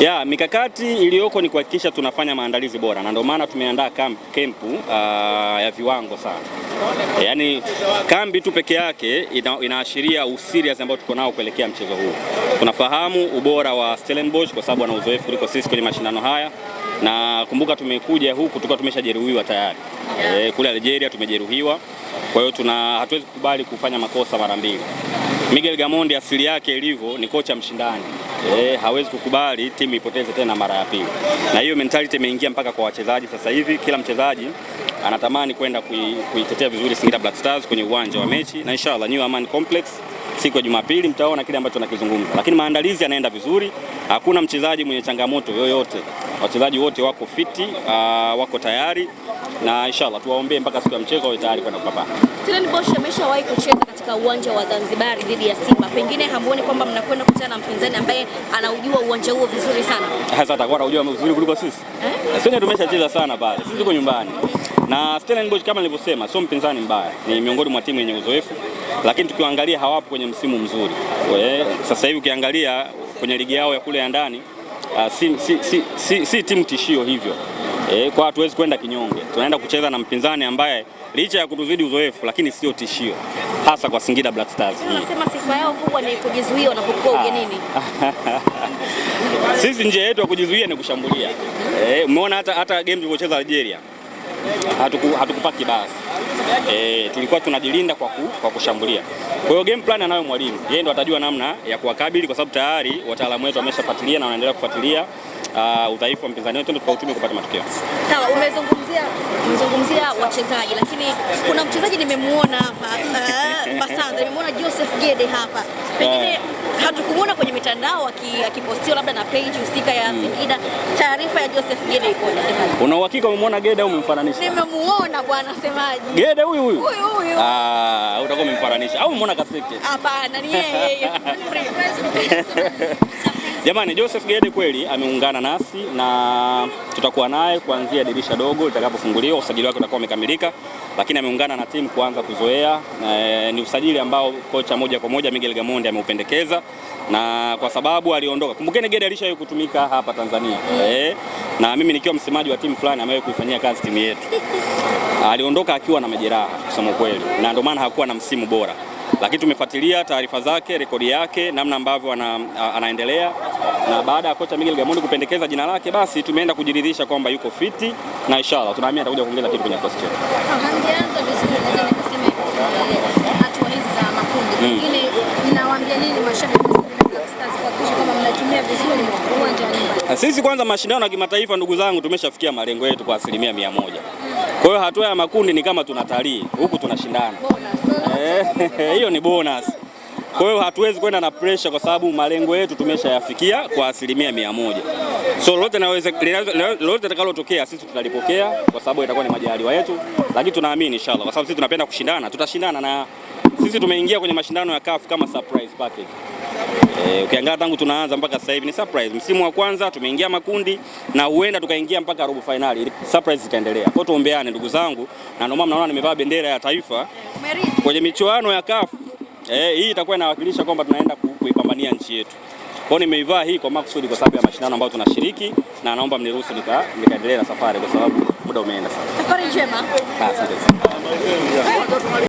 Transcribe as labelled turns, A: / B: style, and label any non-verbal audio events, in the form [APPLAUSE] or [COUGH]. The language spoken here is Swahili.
A: Ya, mikakati iliyoko ni kuhakikisha tunafanya maandalizi bora na ndio maana tumeandaa kempu uh, ya viwango sana. Yaani kambi tu peke yake ina, inaashiria usirias ambao tuko nao kuelekea mchezo huu. Tunafahamu ubora wa Stellenbosch kwa sababu ana uzoefu kuliko sisi kwenye mashindano haya na kumbuka, tumekuja huku tukiwa tumeshajeruhiwa tayari e, kule Algeria tumejeruhiwa. Kwa hiyo tuna hatuwezi kukubali kufanya makosa mara mbili. Miguel Gamondi asili yake ilivyo ni kocha mshindani. eh, hawezi kukubali timu ipoteze tena mara ya pili, na hiyo mentality imeingia mpaka kwa wachezaji sasa hivi. Kila mchezaji anatamani kwenda kuitetea kui vizuri Singida Black Stars kwenye uwanja wa mechi, na inshallah New Aman Complex siku ya Jumapili mtaona kile ambacho nakizungumza, lakini maandalizi yanaenda vizuri, hakuna mchezaji mwenye changamoto yoyote wachezaji wote wako fiti, uh, wako tayari na inshallah tuwaombee mpaka siku ya mchezo wawe tayari kwenda kupambana.
B: Stellenbosch Bosch ameshawahi kucheza katika uwanja wa Zanzibar dhidi ya Simba, pengine hamuoni kwamba mnakwenda kukutana na mpinzani ambaye anaujua uwanja huo vizuri sana?
A: Hasa atakuwa anaujua vizuri kuliko sisi eh? Sisi tumeshacheza sana pale, sisi tuko nyumbani na Stellenbosch kama nilivyosema, sio mpinzani mbaya, ni miongoni mwa timu yenye uzoefu, lakini tukiangalia hawapo kwenye msimu mzuri. Eh, sasa hivi ukiangalia kwenye ligi yao ya kule ya ndani uh, si, si, si, si, si timu tishio hivyo e, kwa hatuwezi kwenda kinyonge. Tunaenda kucheza na mpinzani ambaye licha ya kutuzidi uzoefu lakini sio tishio hasa kwa Singida Black Stars
B: hii. nasema sifa yao kubwa ni kujizuia wanapokuwa ah. ugenini. [LAUGHS]
A: Sisi njia yetu ya kujizuia ni kushambulia. Eh, umeona hata hata game tulivyocheza Algeria hatuku, basi e, tulikuwa tunajilinda kwa, ku, kwa kushambulia. Kwa hiyo game plan anayo mwalimu, yeye ndo atajua namna ya kuwakabili, kwa sababu tayari wataalamu wetu wameshafuatilia na wanaendelea kufuatilia Uh, udhaifu wa mpinzani wetu ndio tukautumia kupata matokeo.
B: Sawa, umezungumzia umezungumzia wachezaji, lakini kuna mchezaji nimemuona hapa uh, nimemuona Joseph Gede hapa pengine uh, hatukumuona kwenye mitandao akipostiwa labda na page husika ya hmm. Singida. Taarifa ya Joseph Gede iko, unasemaje?
A: Una uhakika umemwona Gede au umemfananisha?
B: Nimemuona bwana, semaji
A: Gede huyu huyu. Huyu huyu. Ah, utakuwa umemfananisha au umeona kaseke?
B: Hapana, ni yeye.
A: [LAUGHS] Jamani, Joseph Gede kweli ameungana nasi na tutakuwa naye kuanzia dirisha dogo litakapofunguliwa, usajili wake utakuwa umekamilika, lakini ameungana na timu kuanza kuzoea. E, ni usajili ambao kocha moja kwa moja Miguel Gamondi ameupendekeza na kwa sababu aliondoka, kumbukeni Gede alishawahi kutumika hapa Tanzania e, na mimi nikiwa msemaji wa timu fulani amewahi kuifanyia kazi timu yetu. Aliondoka akiwa na majeraha kusema kweli, na ndio maana hakuwa na msimu bora lakini tumefuatilia taarifa zake, rekodi yake, namna ambavyo ana, anaendelea na baada ya kocha Miguel Gamondi kupendekeza jina lake, basi tumeenda kujiridhisha kwamba yuko fiti na inshallah tunaamini atakuja kuongeza kitu kwenye kikosi chetu. Eh, mm. sisi kwanza mashindano ya kimataifa ndugu zangu, tumeshafikia malengo yetu kwa asilimia mia moja. Kwa hiyo hatua ya makundi ni kama tunatalii huku tunashindana, eh, [LAUGHS] hiyo ni bonus. Kwa hiyo hatuwezi kwenda na pressure kwa sababu malengo yetu tumeshayafikia kwa asilimia mia moja. So lolote lolote litakalotokea sisi tutalipokea kwa sababu itakuwa ni majaliwa yetu, lakini tunaamini inshallah, kwa sababu sisi tunapenda kushindana, tutashindana na sisi tumeingia kwenye mashindano ya CAF kama surprise package ukiangaa eh, ukiangalia tangu tunaanza mpaka sasa hivi ni surprise. Msimu wa kwanza tumeingia makundi na huenda tukaingia mpaka robo finali. Surprise itaendelea. Kwa hiyo tuombeane ndugu zangu, na ndio maana naona nimevaa bendera ya taifa kwenye michuano ya CAF. eh, hii itakuwa inawakilisha kwamba tunaenda kuipambania nchi yetu. Kwa hiyo nimeivaa hii kwa makusudi kwa sababu ya mashindano ambayo tunashiriki na naomba mniruhusu nika nikaendelea na safari kwa sababu muda umeenda sana. Safari njema. Asante